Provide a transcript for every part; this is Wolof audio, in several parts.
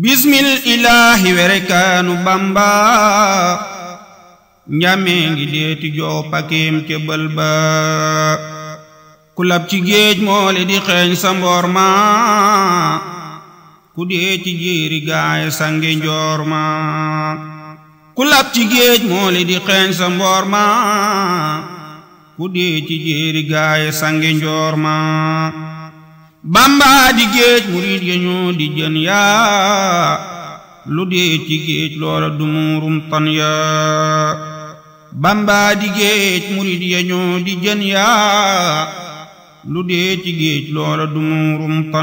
bismil ilaahi werekaanu bamba njamee ngi deeti joo pakeem bël ba ku lab ci géej moole di xeeñ sa mboor ma ku dee ci jéeri gaay sange njoor ma ku lab ci moole di xeeñ sa mboor ma ku dee ci jéeri gaay sange njoor ma bamba di géej murid ya ñoo di jën yaa lu dee ci géej loola du muurum yaa bamba di géej ya lu dee ci géej loola du maa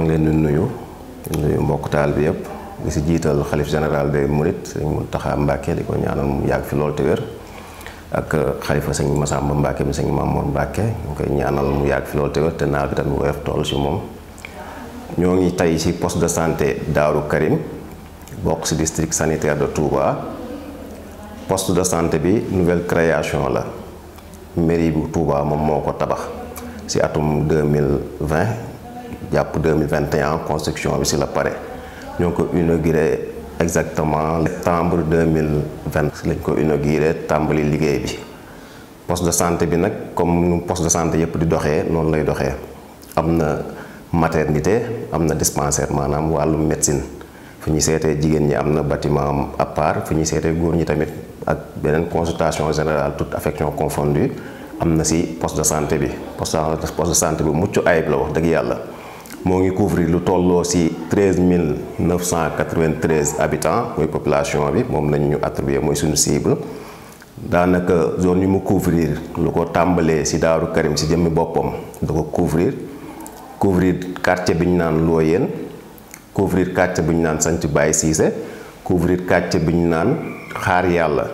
ngi leen di nuyu nuyu mbokk taal bi yëpp di si jiital xalif général des mourides Sëriñ Muntaxa Mbàkke di ko ñaanal mu yàgg fi lool te ak xalifa sëñ Masamba Mbacke bi sëñ Mamour Mbacke ñu koy ñaanal mu yàgg fi loolu te naar bi tamit woyof tool si moom ñoo ngi tey si poste de santé Daaru Karim bokk si district sanitaire de Touba poste de santé bi nouvelle création la mairie bu Touba moom moo ko tabax si atum 2020 jàpp 2021 construction bi si la pare ñoo ko inauguré exactement septembre 2020 si lañ ko inauguré tàmbali liggéey bi poste de santé bi nag comme nu poste de santé yëpp di doxee noonu lay doxee am na maternité am na dispensaire maanaam wàllum médecine fu ñuy seetee jigéen ñi am na batiment à part fu ñuy seetee góor ñi tamit ak beneen consultation général toute affection confondue am na si poste de santé bi poste de santé bu mucc ayib la wax dëgg yàlla moo ngi couvrir lu tolloo si treize mille neuf cent quatre-vingt-treize habitants mooy population bi moom lañ ñu attribué mooy suñu cible daanaka zone yi mu couvrir lu ko tàmbalee si Daaru Karim ci jëmmi boppam da ko couvrir couvrir quartier bi ñu naan Looyeen couvrir quartier bi ñu naan Sanc Baye Cissé couvrir quartier bi ñu naan Xaar Yàlla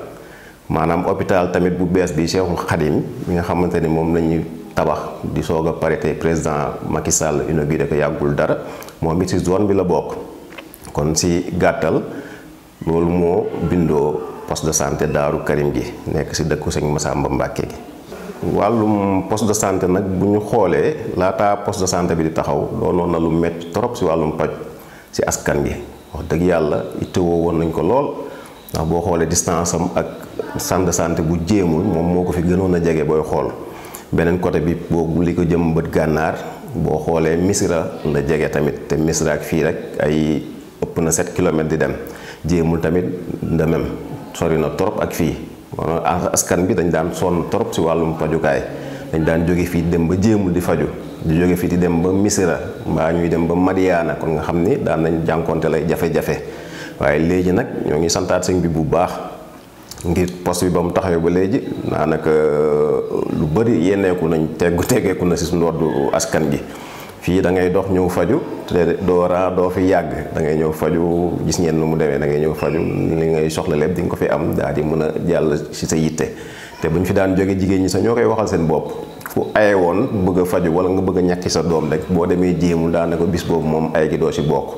maanaam hôpital tamit bu bees bi Cheikhul Khadim bi nga xamante ni moom lañuy tabax di soog a pare tey président Macky Sall inauguré ko yàggul dara moom it ci zone bi la bokk kon si gàttal loolu moo bindoo poste de santé Daaru Karim gi nekk si dëkku sëñ Massamba Mbàkke gi wàllum poste de santé nag bu ñu xoolee laataa post de santé bi di taxaw doonoon na lu métti trop si wàllum paj si askan gi wax dëgg yàlla ittewoo woon nañ ko lool ndax boo xoolee distance am ak centre de santé bu jéemul moom moo ko fi gënoon a jege booy xool beneen côté bi boobu li ko jëm bët gànnaar boo xoolee Misra la jege tamit te Misra ak fii rek ay ëpp na 7 kilomètres di dem jéemul tamit de même sori na torop ak fii maanaam askan bi dañ daan sonn torop ci wàllum fajukaay dañ daan jóge fii dem ba jéemul di faju di jóge fii di dem ba Misra mbaa ñuy dem ba Madiana kon nga xam ni daan nañ jànkonte lay jafe-jafe waaye léegi nag ñoo ngi santaat sëñ bi bu baax ngir poste bi ba mu taxawee ba léegi daanaka lu bëri yenneeku nañ teggu teggeeku na si suñu wàllu askan gi fii da ngay dox ñëw faju te doo raa doo fi yàgg da ngay ñëw faju gis ngeen nu mu demee da ngay ñëw faju li ngay soxla lépp di nga ko fi am daal di mën a jàll si sa yitte te buñ fi daan jóge jigéen ñi sax ñoo koy waxal seen bopp fu aye woon bëgg a faju wala nga bëgg a ñàkki sa doom rek boo demee jéemu daanaka bis boobu moom ay doo si bokk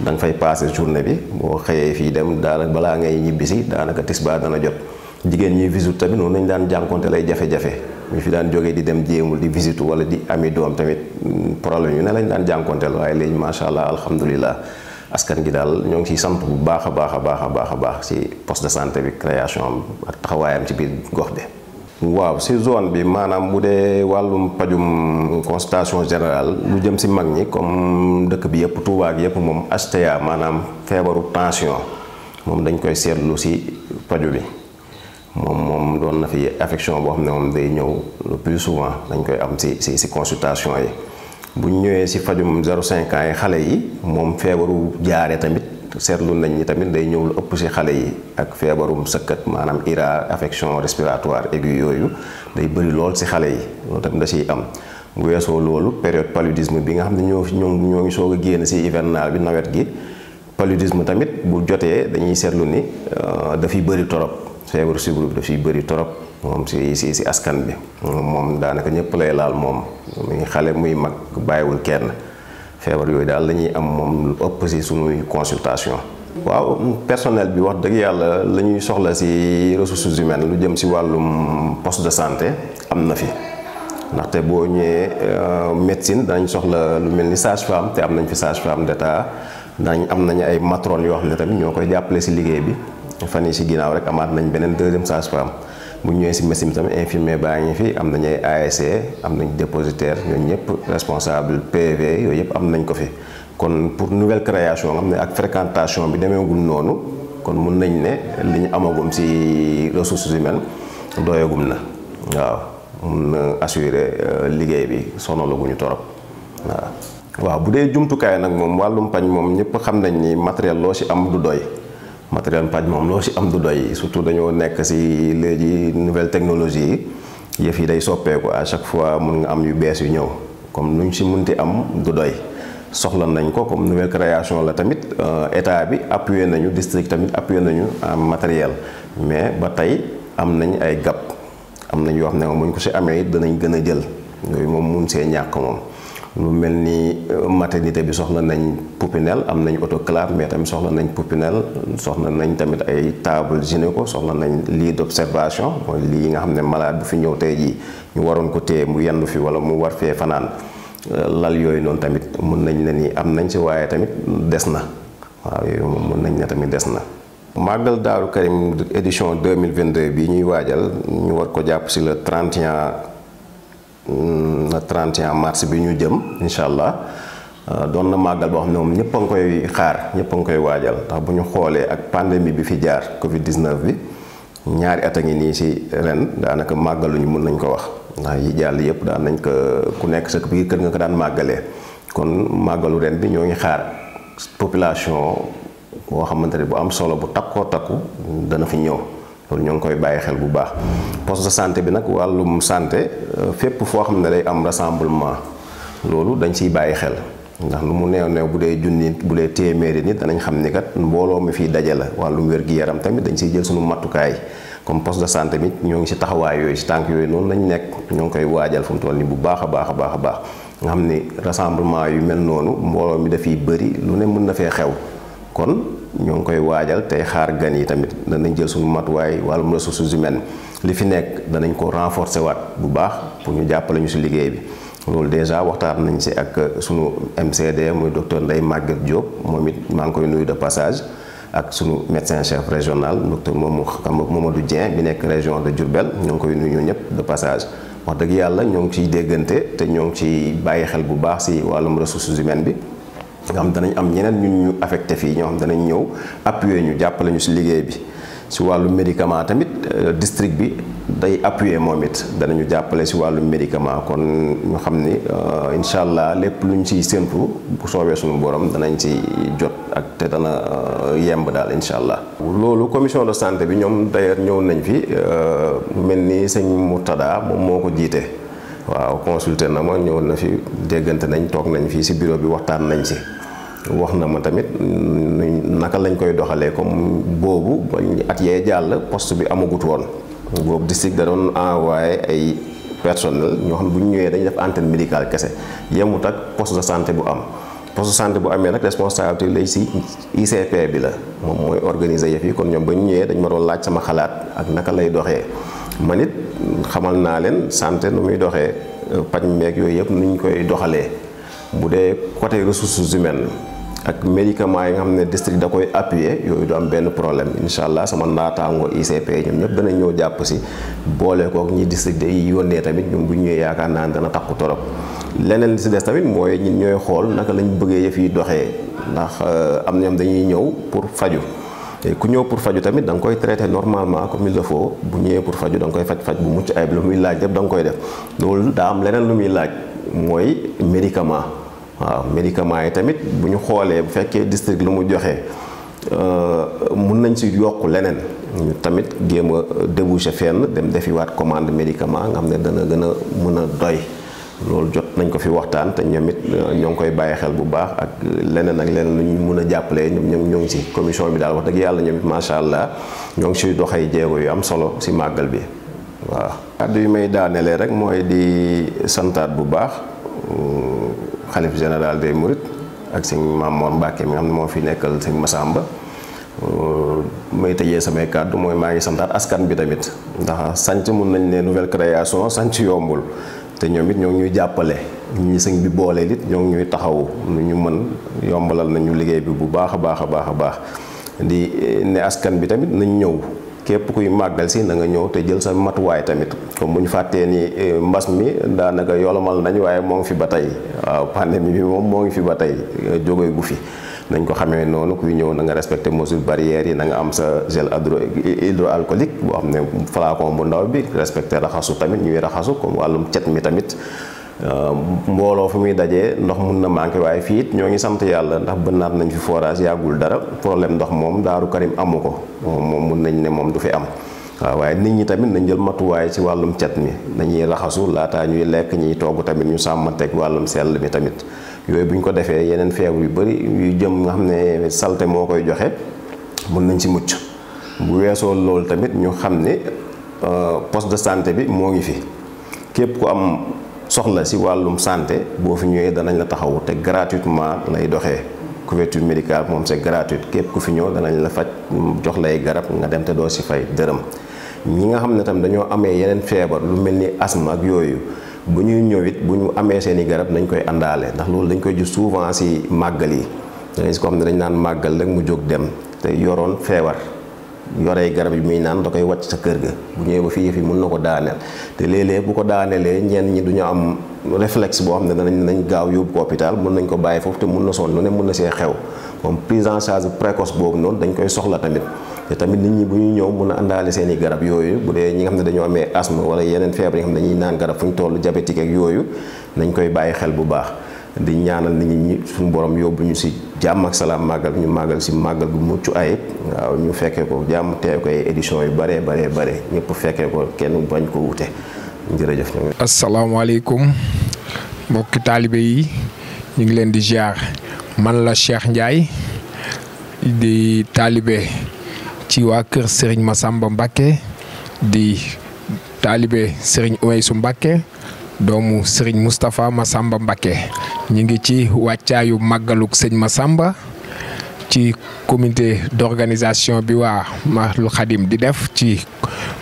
da nga fay passé journée bi boo xëyee fii dem daanaka balaa ngay ñibbisi daanaka tisbaar dana jot jigéen ñuy visite tamit noonu lañu daan jànkonte lay jafe-jafe ñu fi daan jógee di dem jéemul di visitu wala di ami doom tamit mm, problème yu ne lañ daan jànkonteel waaye léegi macha allah alhamdulilah askan gi daal ñoo ngi ciy sant bu baax a baax a baax a baax a baax ci poste de santé bi création ak taxawaayam ci biir gox bi. waaw ci zone bi maanaam bu dee wàllum pajum constation général lu jëm ci mag ñi comme dëkk bi yëpp Touba ak yëpp moom HTA maanaam feebaru tension moom dañ koy seetlu ci paju bi. moom moom doon na fi affection boo xam ne moom day ñëw le plus souvent dañ koy am si si si consultation yi bu ñu ñëwee si fajum 0,5 ans yi xale yi moom feebaru jaare tamit seetlu nañ ñi tamit day ñëw lu ëpp si xale yi ak feebarum sëkkat maanaam IRA affection respiratoire aiguë yooyu day bëri lool si xale yi loolu tamit da siy am. bu weesoo loolu période paludisme bi nga xam ne ñoo ñoo ñoo ngi soo a génn si hivernal bi nawet gi paludisme tamit bu jotee dañuy seetlu ni euh, dafiy bëri torop. feebaru sibiru bi dafiy bëri torop moom si si si askan bi moom daanaka ñëpp lay laal moom muy xale muy mag bàyyiwul kenn feebar yooyu daal lañuy am moom lu ëpp si suñuy consultation waaw personnel bi wax dëgg yàlla la ñuy soxla si ressources humaines lu jëm si wàllum poste de santé am na fi ndaxte boo ñëwee euh, médecine danañ soxla lu mel ni sage-femme te am nañ fi sage-femme d'État daañ am nañu ay matrone yoo xam ne tamit ñoo koy jàppale si liggéey bi fan yi si ginnaaw rek amaat nañ beneen deuxième sage am bu ñëwee si machine tamit infirmier baa ngi fi am nañ ay ASC am nañ dépositaire ñooñu ñëpp responsable PV yooyu yëpp am nañ ko fi kon pour nouvelle création xam ne ak fréquentation bi demeewul noonu kon mun nañ ne li ñu amagum si ressources humaines doyagum na waaw mun na assurer euh, liggéey bi sonalaguñu torop waaw. bu dee jumtukaay nag moom wàllum pañ moom ñëpp xam nañ ni matériel loo si am du doy. matériel paj moom loo si am du doy surtout dañoo nekk si léegi nouvelle technologie yi yëf yi day soppeeku à chaque fois mun nga am yu bees yu ñëw comme lu ñu si ti am du doy soxla nañ ko comme nouvelle création la tamit euh, état bi appuyé nañu district tamit appuyé nañu en matériel mais ba tey am nañ ay gap am nañ yoo xam ne muñ ko si amee danañ gën a jël yooyu moom mun see ñàkk moom lu mel ni euh, maternité bi soxla nañ poupinel am nañ autoclave mais tamit soxla nañ poupinel soxla nañ tamit ay table gynéco soxla nañ lii d'observation mooy lii nga xam ne malaad bu fi ñëw tey jii ñu waroon ko téye mu yendu fi wala mu war fee fanaan euh, lal yooyu noonu tamit mun nañ ne nii am nañ si waaye tamit des na waaw yooyu moom mun nañ ne tamit des na. màggal Daaru Karim édition 2022 bi ñuy waajal ñu war ko jàpp ci le 31. Mm, na 31 mars bi ñu jëm incha allah euh, doon na màggal boo xam ne moom ñëpp a ngi koy xaar ñëpp a ngi koy waajal ndax bu ñu xoolee ak pandémie bi fi jaar Covid 19 bi ñaari at a ngi nii si ren daanaka ñu mun nañ ko wax ndax yi jàll yëpp daan nañ ko ku nekk sa biir kër nga ko daan màggalee kon màggalu ren bi ñoo ngi xaar population boo xamante ne bu am solo bu takkoo takku dana fi ñëw. kon ñoo ngi koy bàyyi xel bu baax poste de santé bi nag wàllum santé euh, fépp foo xam ne day am rassemblement loolu dañ ciy bàyyi xel ndax lu mu neew neew bu dee junni bu dee téeméeri nit danañ xam ni kat mbooloo mi fiy daje la wàllum wér-gi-yaram tamit dañ ciy jël suñu matukaay comme poste de santé bi ñoo ngi si taxawaay yooyu ci tànk yooyu noonu lañ nekk ñoo ngi koy waajal fu mu toll nii bu baax a baax a baax a baax nga xam ni rassemblement yu mel noonu mbooloo mi dafiy bëri lu ne mën na fee xew ñoo ngi koy waajal tey xaar gan yi tamit danañ jël suñu matuwaay wàllum ressources humaines li fi nekk danañ ko renforcer waat bu baax pour ñu jàppale ñu si liggéey bi. loolu déjà waxtaan nañ si ak sunu MCD muy docteur Ndeye Maguette Diop moom it maa ngi koy nuyu de passage ak sunu médecin chef régional docteur moomu du Dieng bi nekk région de Diourbel ñoo ngi koy nuyu ñëpp de passage. wax dëgg yàlla ñoo ngi ciy déggante te ñoo ngi ciy bàyyi xel bu baax si wàllum ressources bi. nga xam danañ am ñeneen ñu ñu affecté fii ñoo xam danañ ñëw appuyer ñu jàppale ñu si liggéey bi si wàllu médicament tamit euh, district bi day appuyer moom it danañu jàppale si wàllu médicament kon ñu xam ni euh, incha allah lépp lu ñu siy séntu bu soobee suñu borom danañ si jot ak te dana euh, yemb daal incha allah. loolu commission de santé bi ñoom d'ailleurs ñëw nañ fi mel ni sëñ Murtada moom moo ko jiite. waaw consulté na ma ñëw na fi déggante nañ toog nañ fii si bureau bi waxtaan nañ si wax na ma tamit naka lañ koy doxalee comme boobu at yee jàll post bi amagut woon boobu district da doon envoyé ay personnel ñoo xam bu ñu ñëwee dañu def antenne médicale kese yemut ak poste de santé bu am poste de santé bu amee nag responsabilité lay si ICP bi la moom mooy organiser yëf yi kon ñoom ba ñu ñëwee dañ ma doon laaj sama xalaat ak naka lay doxee man it xamal naa leen santé nu muy doxee euh, paj meeg yooyu yëpp nu ñu koy doxalee bu dee côté ressources humaines ak médicaments yi nga xam ne district da koy appuyer yooyu du am benn problème incha allah sama naataango ICP ñoom ñëpp dana ñëw jàpp si boole kook ñi district day yónnee tamit ñoom bu ñu ñëwee yaakaar naa ne dana takku torop leneen li si des tamit mooy ñu ñooy xool naka lañ bëggee yëf yi doxee ndax euh, am na ñoom dañuy ñëw pour faju ku ñëw pour faju tamit da koy traité normalement comme il le bu ñëwee pour faju da nga koy faj faj bu mucc ayib lu muy laaj lépp da nga koy def loolu daa am leneen lu muy laaj mooy médicament waaw médicament yi tamit bu ñu xoolee bu fekkee district lu mu joxee euh, mun nañ si yokk leneen tamit géem a débouché fenn dem defiwaat commande médicament nga xam ne dana gën a mën a doy loolu jot nañ ko fi waxtaan te ñoom it euh, ñoo ngi koy bàyyi xel bu baax ak leneen ak leneen lu ñu mun a jàppalee ñoom ñoo ngi si commission bi daal wax dëgg yàlla allah ñoo ngi siy doxee jéego yu am solo si màggal bi waaw. kàddu may daanelee rek mooy di santaat bu baax euh, xalif général des Mourides ak sëñ Maam mi moo fi nekkal sëñ Massamba euh, may tëjee samay kàddu mooy maa ngi santaat askan bi tamit ndax sanc mun nañ ne nouvelle création sanc yombul. te ñoom it ñoo ngi ñuy jàppale ñi sëñ bi booleel it ñoo ngi ñuy taxawu nu ñu mën yombalal nañu liggéey bi bu baax a baax a baax a baax di eh, ne askan bi tamit nañ ñëw képp kuy màggal si na nga ñëw te jël sa matuwaay tamit comme bu ñu fàttee ni eh, mbas mi daanaka yolomal nañ waaye moo ngi fi ba tey waaw pandémie bi moom moo ngi fi ba tey eh, jóge gu fi nañ ko xamee noonu kuy ñëw nanga nga respecté mesures barrières yi na nga am sa gel hydroalcoolique boo xam ne flacon bu ndaw bi respecté raxasu tamit ñuy raxasu ko wàllum cet mi tamit euh, mbooloo fu muy dajee ndox mun na manqué waaye fii ñoo ngi sant yàlla ndax bënnaat nañ fi forage yàggul dara problème ndox moom daaru karim amu ko moom mun nañ ne moom du fi am waaw waaye nit ñi tamit nañ jël matuwaay ci wàllum cet mi dañuy raxasu laataa ñuy lekk ñuy togg tamit ñu sàmmanteeg wàllum sell mi tamit yooyu bu ñu ko defee yeneen feebar yu bëri yu jëm nga xam ne salte moo koy joxe mën nañ ci mucc bu weesoo loolu tamit ñu xam ne euh, poste de santé bi moo ngi fi képp ku am soxla ci wàllum santé boo fi ñëwee danañ la taxawu te gratuitement lay doxe couverture médicale moom se gratuit képp ku fi ñëw danañ la faj jox lay garab nga dem te doo ci fay dërëm ñi nga xam ne tamit dañoo amee yeneen feebar lu mel ni asthme ak yooyu. bu ñuy ñëwit bu ñu amee seen i garab nañ koy àndaale ndax loolu dañ koy gis souvent si màggal yi dañu si ko xam ne dañ naan màggal rek mu jóg dem te yoroon feebar yoree garab yi muy naan da koy wàcc sa kër ga bu ñëwee ba fii yëf yi mun na ko daaneel te léeg-léeg bu ko daaneelee ñenn ñi du ñu am réflexe boo xam ne danañ nañ gaaw yóbbu ko hôpital mun nañ ko bàyyi foofu te mun na sonn lu ne mun na see xew comme prise en charge précoce boobu noonu dañ koy soxla tamit tamit nit ñi bu ñuy ñëw mën a àndaale seen i garab yooyu bu dee ñi nga xam ne dañoo amee asma wala yeneen feebar yi nga xam ne dañuy naan garab fu ñu toll diabétique ak yooyu dañu koy bàyyi xel bu baax di ñaanal nit ñi suñu borom yóbbu si jàmm ak salaam màggal ñu màggal si màggal bu mucc ayib waaw ñu fekkee ko jàmm teew ko ay yu baree baree bare ñëpp fekkee ko kenn bañ koo wute jërëjëf. asalaamaaleykum mbokki taalibe yi ñu ngi leen di ziar man la Cheikh njaay di taalibe. ci waa kër Serigne Massamba mbake di taalibe Serigne Oumeysou Mbacke doomu Serigne Moustapha Massamba Mbacke ñu ngi ci wàccaayu màggaluk sëñ Massamba ci comité d'organisation bi waa Mahlul Khadim di def ci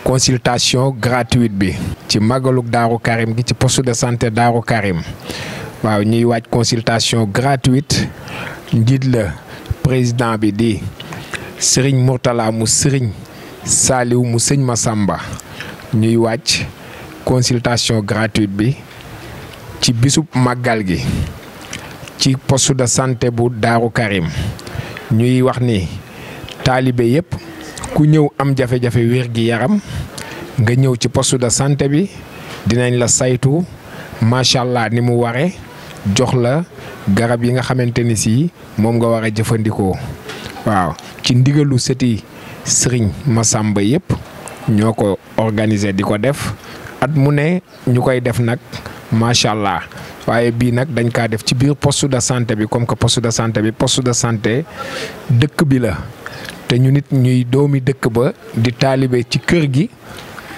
consultation gratuite bi ci màggaluk Daaru Karim gi ci poste de sante Daaru Karim waaw ñuy waaj consultation gratuite njiit la président bi di sëriñ Mourtala mu sëriñ Saaliw mu sëñ Masamba ñuy wàcc consultation gratuite bi ci bisub màggal gi ci postu de santé bu Daaru Karim ñuy wax ni taalibe yépp ku ñëw am jafe-jafe wér gi yaram nga ñëw ci postu de santé bi dinañ la saytu macha allah ni mu ware jox la garab yi nga xamante ni si moom nga war a jëfandikoo waaw ci ndigalu sëti ma Masamba yëpp ñoo ko organiser di ko def at mu ne ñu koy def nag macha allah waaye bii nag dañ kaa def ci biir post de santé bi comme que poste de santé bi poste de santé dëkk bi la te ñu nit ñuy doomi dëkk ba di taalibe ci kër gi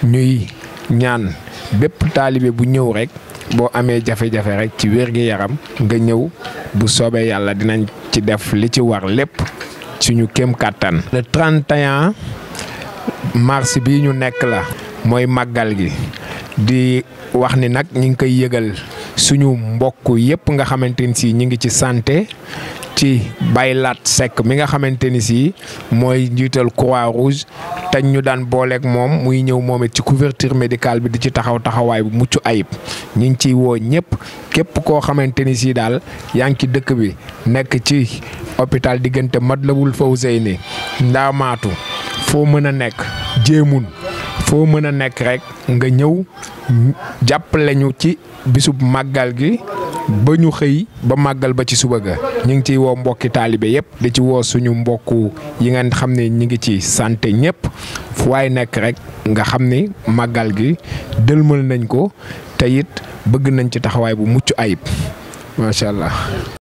ñuy ñaan bépp taalibe bu ñëw rek boo amee jafe-jafe rek ci wér-gi-yaram nga ñëw bu soobee yàlla dinañ ci def li ci war lépp suñu kem kàttan le 31 mars bi ñu nekk la mooy màggal gi di wax ni nag ñu ngi koy yëgal suñu mbokk yépp nga xamante ni si ñu ngi ci santé ci baylaat Seck mi nga xamante ni si mooy njiital croix rouge te ñu daan booleek moom muy ñëw moom it ci couverture médical bi di ci taxaw taxawaay bu mucc ayib ñu ngi ciy woo ñépp képp koo xamante ni si daal yaa ngi ci dëkk bi nekk ci hôpital diggante mat Matlaboul Fawzeyni Ndaamaatu foo mën a nekk jéemun foo mën a nekk rek nga ñëw jàppale ñu ci bisub màggal gi ba ñu xëy ba màggal ba ci suba ga ñu ngi ciy woo mbokki taalibe yëpp di ci woo suñu mbokku yi nga xam ne ñi ngi ci santé ñëpp fu waay nekk rek nga xam ni màggal gi dëlmal nañ ko te it bëgg nañ ci taxawaay bu mucc ayib macha allah.